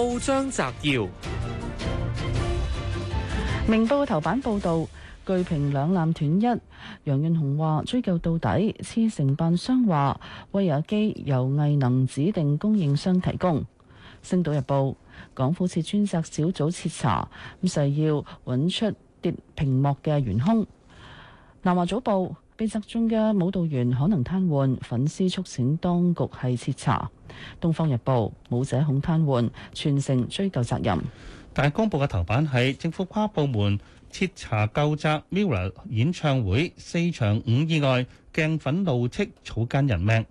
報章摘要：明報頭版報道，巨屏兩纜斷一，楊潤雄話追究到底。次承辦商話，威亞機由藝能指定供應商提供。星島日報，港府設專責小組徹查，咁誓要揾出跌屏幕嘅元凶。南華早報。被砸中嘅舞蹈員可能癱瘓，粉絲促請當局係徹查。《東方日報》舞者恐癱瘓，全城追究責任。《大公報》嘅頭版係政府跨部門徹查究責。MIRROR 演唱會四場五意外，鏡粉怒斥草菅人命。《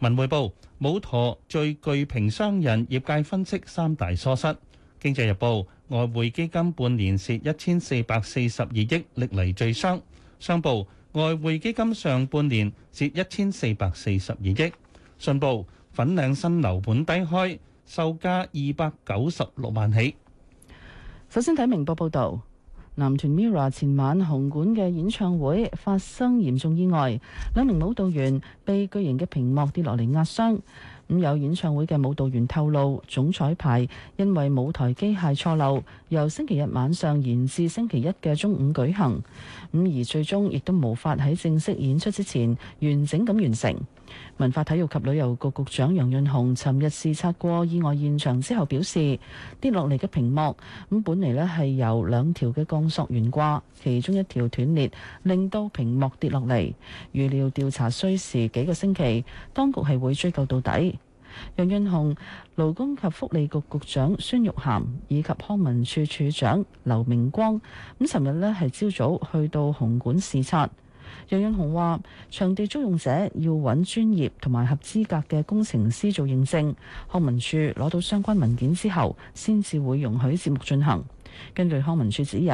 文匯報》舞台巨屏傷人，業界分析三大疏失。《經濟日報》外匯基金半年蝕一千四百四十二億，歷嚟最傷。商報。外匯基金上半年蝕一千四百四十二億。信報，粉嶺新樓盤低開，售價二百九十六萬起。首先睇明報報導，男團 Mira 前晚紅館嘅演唱會發生嚴重意外，兩名舞蹈員被巨型嘅屏幕跌落嚟壓傷。咁有演唱會嘅舞蹈員透露，總彩排因為舞台機械錯漏，由星期日晚上延至星期一嘅中午舉行，咁而最終亦都無法喺正式演出之前完整咁完成。文化體育及旅遊局局長楊潤雄尋日視察過意外現場之後表示，跌落嚟嘅屏幕咁本嚟咧係由兩條嘅鋼索懸掛，其中一條斷裂，令到屏幕跌落嚟。預料調查需時幾個星期，當局係會追究到底。楊潤雄、勞工及福利局局長孫玉菡以及康文署署長劉明光咁尋日咧係朝早去到紅館視察。楊潤雄話：場地租用者要揾專業同埋合資格嘅工程師做認證，康文署攞到相關文件之後，先至會容許節目進行。根據康文署指引，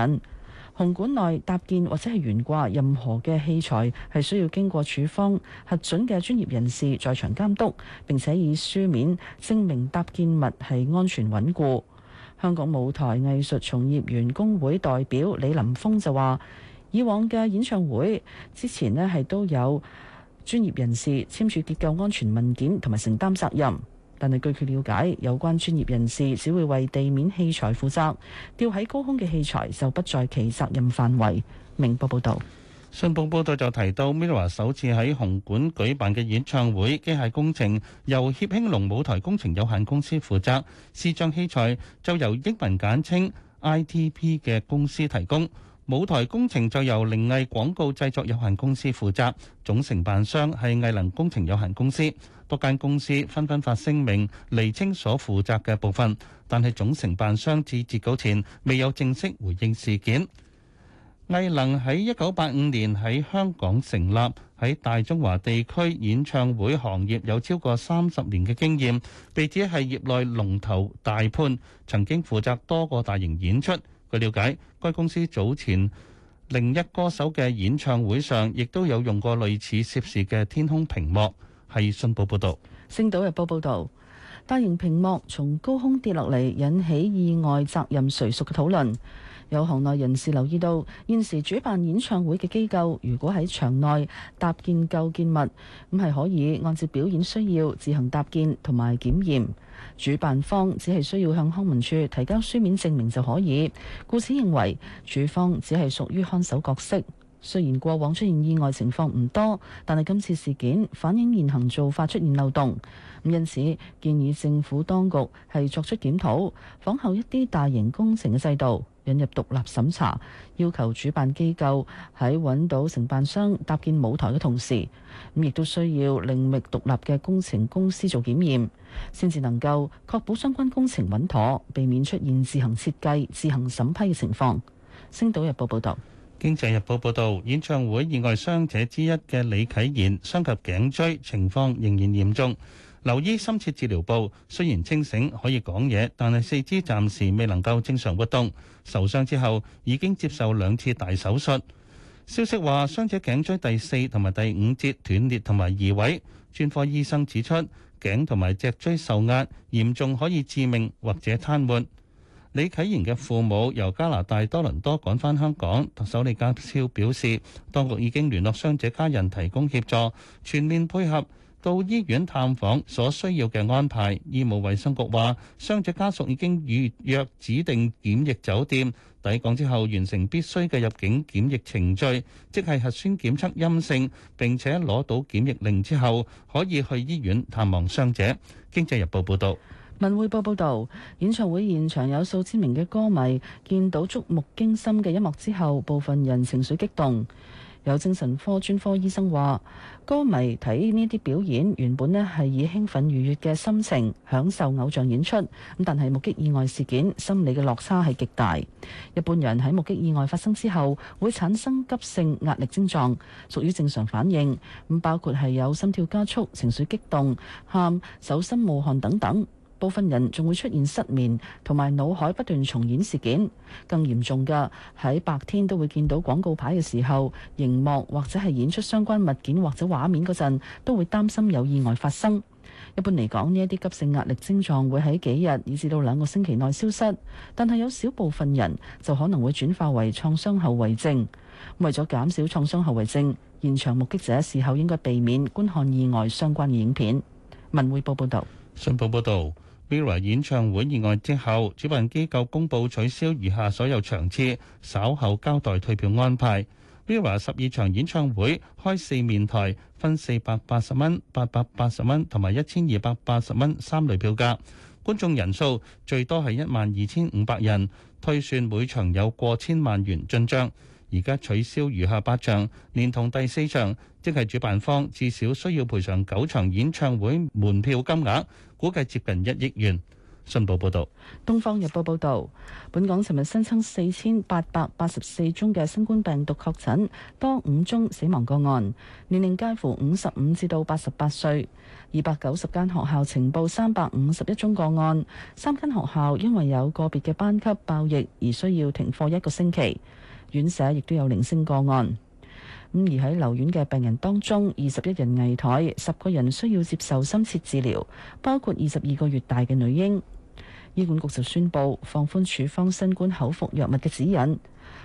紅館內搭建或者係懸掛任何嘅器材，係需要經過處方核准嘅專業人士在場監督，並且以書面證明搭建物係安全穩固。香港舞台藝術從業員工會代表李林峰就話。以往嘅演唱會之前咧，係都有專業人士簽署結構安全文件同埋承擔責任，但係據佢了解，有關專業人士只會為地面器材負責，吊喺高空嘅器材就不在其責任範圍。明報報導，新報報導就提到 MIRROR 首次喺紅館舉辦嘅演唱會，機械工程由協興隆舞台工程有限公司負責，司帳器材就由英文簡稱 ITP 嘅公司提供。舞台工程就由靈藝廣告製作有限公司負責，總承辦商係藝能工程有限公司。多間公司紛紛發聲明釐清所負責嘅部分，但係總承辦商至截稿前未有正式回應事件。藝能喺一九八五年喺香港成立，喺大中華地區演唱會行業有超過三十年嘅經驗，被指係業內龍頭大判，曾經負責多個大型演出。據了解，該公司早前另一歌手嘅演唱會上，亦都有用過類似涉事嘅天空屏幕。係信報報道。《星島日報》報道，大型屏幕從高空跌落嚟，引起意外責任誰屬嘅討論。有行內人士留意到，現時主辦演唱會嘅機構，如果喺場內搭建構建物，咁係可以按照表演需要自行搭建同埋檢驗。主辦方只係需要向康文署提交書面證明就可以。故此認為，主方只係屬於看守角色。雖然過往出現意外情況唔多，但係今次事件反映現行做法出現漏洞。因此建議政府當局係作出檢討，仿效一啲大型工程嘅制度。引入獨立審查，要求主辦機構喺揾到承辦商搭建舞台嘅同時，咁亦都需要另覓獨立嘅工程公司做檢驗，先至能夠確保相關工程穩妥，避免出現自行設計、自行審批嘅情況。星島日報報導，經濟日報報導，演唱會意外傷者之一嘅李啟賢傷及頸椎，情況仍然嚴重。留醫深切治療部，雖然清醒可以講嘢，但係四肢暫時未能夠正常活動。受傷之後已經接受兩次大手術。消息話，傷者頸椎第四同埋第五節斷裂同埋移位。專科醫生指出，頸同埋脊椎受壓嚴重，可以致命或者癱瘓。李啟賢嘅父母由加拿大多倫多趕返香港。特首李家超表示，當局已經聯絡傷者家人提供協助，全面配合。到醫院探訪所需要嘅安排，醫務衛生局話，傷者家屬已經預約指定檢疫酒店，抵港之後，完成必須嘅入境檢疫程序，即係核酸檢測陰性並且攞到檢疫令之後，可以去醫院探望傷者。經濟日報報道，文匯報報道，演唱會現場有數千名嘅歌迷見到觸目驚心嘅一幕之後，部分人情緒激動。有精神科專科醫生話：歌迷睇呢啲表演原本呢係以興奮愉悅嘅心情享受偶像演出，咁但係目擊意外事件，心理嘅落差係極大。一般人喺目擊意外發生之後，會產生急性壓力症狀，屬於正常反應。咁包括係有心跳加速、情緒激動、喊、手心冒汗等等。部分人仲會出現失眠同埋腦海不斷重演事件，更嚴重嘅喺白天都會見到廣告牌嘅時候、熒幕或者係演出相關物件或者畫面嗰陣，都會擔心有意外發生。一般嚟講，呢一啲急性壓力症狀會喺幾日以至到兩個星期內消失，但係有少部分人就可能會轉化為創傷後遺症。為咗減少創傷後遺症，現場目擊者事後應該避免觀看意外相關嘅影片。文匯報報道，新報報道。Vira 演唱會意外之後，主辦機構公佈取消餘下所有場次，稍後交代退票安排。Vira 十二場演唱會開四面台分，分四百八十蚊、八百八十蚊同埋一千二百八十蚊三類票價，觀眾人數最多係一萬二千五百人，推算每場有過千萬元進帳。而家取消餘下八場，連同第四場，即係主辦方至少需要賠償九場演唱會門票金額。估計接近一億元。信報報道，《東方日報》報道，本港尋日新增四千八百八十四宗嘅新冠病毒確診，多五宗死亡個案，年齡介乎五十五至到八十八歲。二百九十間學校呈報三百五十一宗個案，三間學校因為有個別嘅班級爆疫而需要停課一個星期。院舍亦都有零星個案。咁而喺留院嘅病人當中，二十一人危殆，十個人需要接受深切治療，包括二十二個月大嘅女嬰。醫管局就宣佈放寬處方新冠口服藥物嘅指引。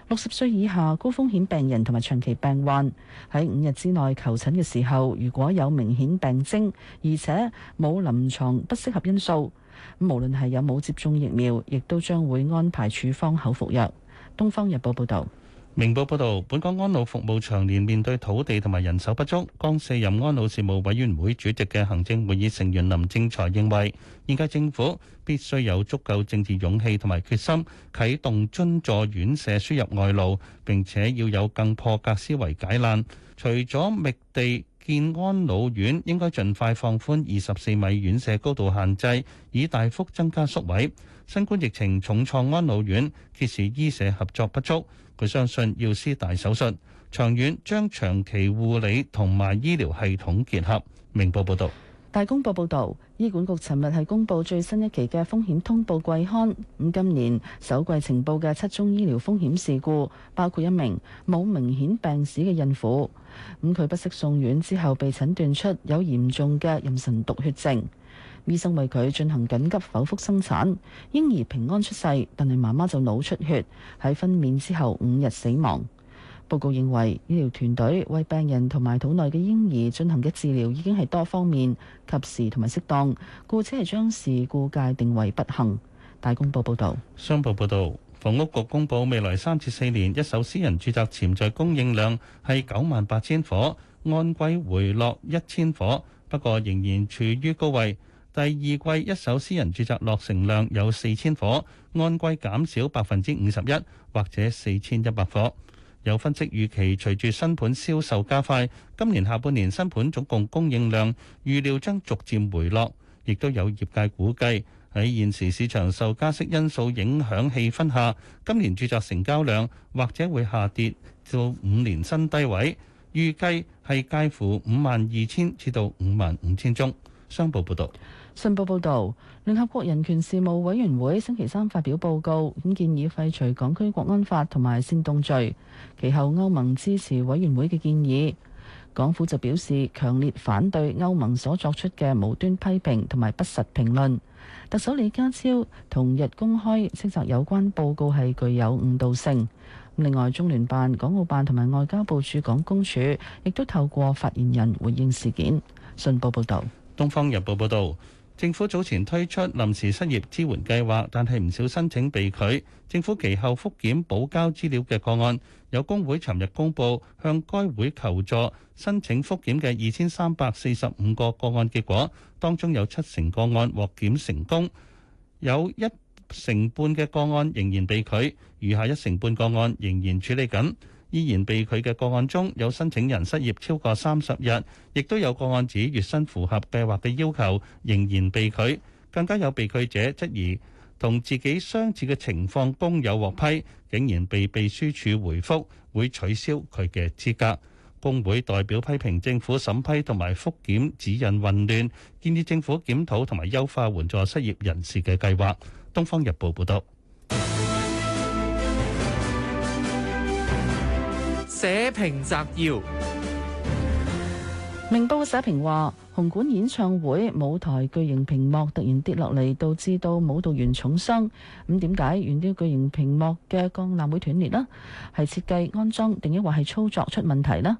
六十歲以下高風險病人同埋長期病患喺五日之內求診嘅時候，如果有明顯病徵，而且冇臨床不適合因素，無論係有冇接種疫苗，亦都將會安排處方口服藥。東方日報報道。明報報導，本港安老服務長年面對土地同埋人手不足。剛卸任安老事務委員會主席嘅行政會議成員林正財認為，現屆政府必須有足夠政治勇氣同埋決心，啟動津助院舍輸入外勞，並且要有更破格思維解難，除咗覓地建安老院應該盡快放寬二十四米院舍高度限制，以大幅增加宿位。新冠疫情重創安老院，揭示醫社合作不足，佢相信要施大手術，長遠將長期護理同埋醫療系統結合。明報報道。大公報報道，醫管局尋日係公布最新一期嘅風險通報季刊。咁、嗯、今年首季呈報嘅七宗醫療風險事故，包括一名冇明顯病史嘅孕婦，咁、嗯、佢不適送院之後被診斷出有嚴重嘅妊娠毒血症，醫生為佢進行緊急剖腹生產，嬰兒平安出世，但係媽媽就腦出血，喺分娩之後五日死亡。報告認為，醫療團隊為病人同埋肚內嘅嬰兒進行嘅治療已經係多方面、及時同埋適當，故此係將事故界定為不幸。大公報報導，商報報導，房屋局公佈未來三至四年一手私人住宅潛在供應量係九萬八千伙，按季回落一千伙，不過仍然處於高位。第二季一手私人住宅落成量有四千伙，按季減少百分之五十一，或者四千一百伙。有分析預期，隨住新盤銷售加快，今年下半年新盤總共供應量預料將逐漸回落。亦都有業界估計，喺現時市場受加息因素影響氣氛下，今年住宅成交量或者會下跌到五年新低位，預計係介乎五萬二千至到五萬五千宗。商報報道。信報報導，聯合國人權事務委員會星期三發表報告，建議廢除港區國安法同埋煽動罪。其後歐盟支持委員會嘅建議，港府就表示強烈反對歐盟所作出嘅無端批評同埋不實評論。特首李家超同日公開斥責有關報告係具有誤導性。另外，中聯辦、港澳辦同埋外交部駐港公署亦都透過發言人回應事件。信報報導，《東方日報》報導。政府早前推出臨時失業支援計劃，但係唔少申請被拒。政府其後復檢補交資料嘅個案，有工會尋日公布向該會求助申請復檢嘅二千三百四十五個個案結果，當中有七成個案獲檢成功，有一成半嘅個案仍然被拒，餘下一成半個案仍然處理緊。依然被拒嘅個案中，有申請人失業超過三十日，亦都有個案指月薪符合計劃嘅要求，仍然被拒。更加有被拒者質疑同自己相似嘅情況工友獲批，竟然被秘書處回覆會取消佢嘅資格。工會代表批評政府審批同埋複檢指引混亂，建議政府檢討同埋優化援助失業人士嘅計劃，東方日報報道。社評摘要：明報社評話，紅館演唱會舞台巨型屏幕，突然跌落嚟，導致到舞蹈員重傷。咁點解懸吊巨型屏幕嘅鋼纜會斷裂呢？係設計安裝定抑或係操作出問題呢？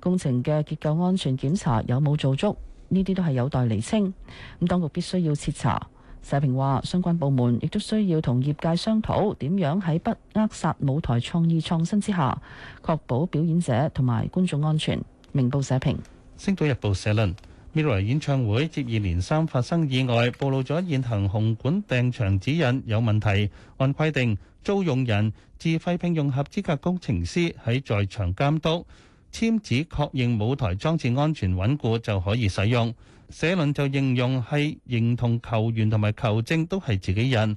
工程嘅結構安全檢查有冇做足？呢啲都係有待厘清。咁當局必須要徹查。社評話，相關部門亦都需要同業界商討，點樣喺不扼殺舞台創意創新之下，確保表演者同埋觀眾安全。明報社評。星島日報社論：Mirror 演唱會接二連三發生意外，暴露咗現行紅館訂場指引有問題。按規定，租用人自費聘用合資格工程師喺在，在場監督，簽字確認舞台裝置安全穩固就可以使用。社論就形容係認同球員同埋球證都係自己人，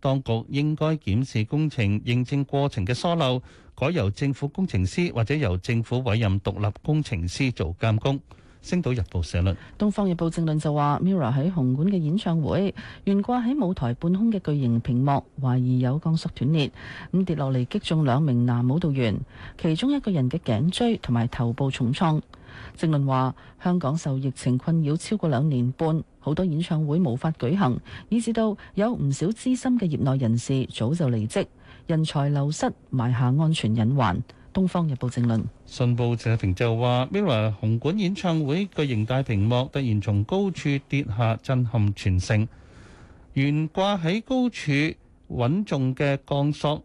當局應該檢視工程認證過程嘅疏漏，改由政府工程師或者由政府委任獨立工程師做監工。《星島日報》社論，《東方日報》政論就話，Mirror 喺紅館嘅演唱會，懸掛喺舞台半空嘅巨型屏幕，懷疑有鋼索斷裂，咁跌落嚟擊中兩名男舞蹈員，其中一個人嘅頸椎同埋頭部重創。正論話，香港受疫情困擾超過兩年半，好多演唱會無法舉行，以至到有唔少資深嘅業內人士早就離職，人才流失埋下安全隱患。東方日報正論，信報謝平就話：MIRROR 紅館演唱會嘅形大屏幕突然從高處跌下，震撼全城，懸掛喺高處穩重嘅鋼索。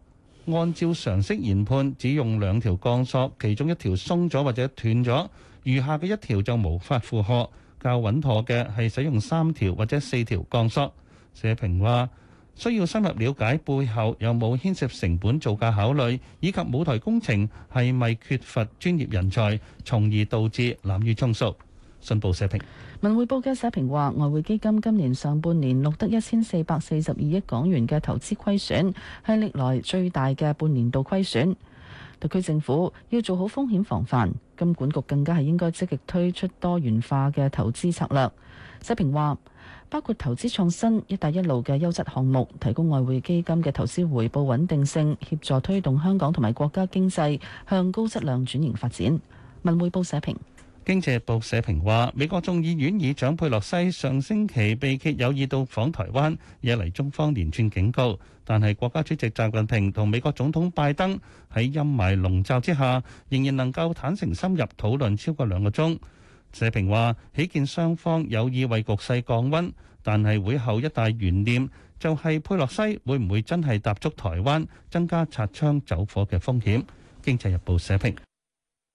按照常識研判，只用兩條鋼索，其中一條鬆咗或者斷咗，餘下嘅一條就無法負荷，較穩妥嘅係使用三條或者四條鋼索。社評話：需要深入了解背後有冇牽涉成本造價考慮，以及舞台工程係咪缺乏專業人才，從而導致濫竽充數。信報社評。文匯報嘅社評話：外匯基金今年上半年錄得一千四百四十二億港元嘅投資虧損，係歷來最大嘅半年度虧損。特區政府要做好風險防範，金管局更加係應該積極推出多元化嘅投資策略。社評話，包括投資創新、一帶一路嘅優質項目，提供外匯基金嘅投資回報穩定性，協助推動香港同埋國家經濟向高質量轉型發展。文匯報社評。《經濟日報》社評話：美國眾議院議長佩洛西上星期被揭有意到訪台灣，惹嚟中方連串警告。但係國家主席習近平同美國總統拜登喺陰霾籠罩之下，仍然能夠坦誠深入討論超過兩個鐘。社評話：喜見雙方有意為局勢降溫，但係會後一大懸念就係佩洛西會唔會真係踏足台灣，增加擦槍走火嘅風險。《經濟日報》社評。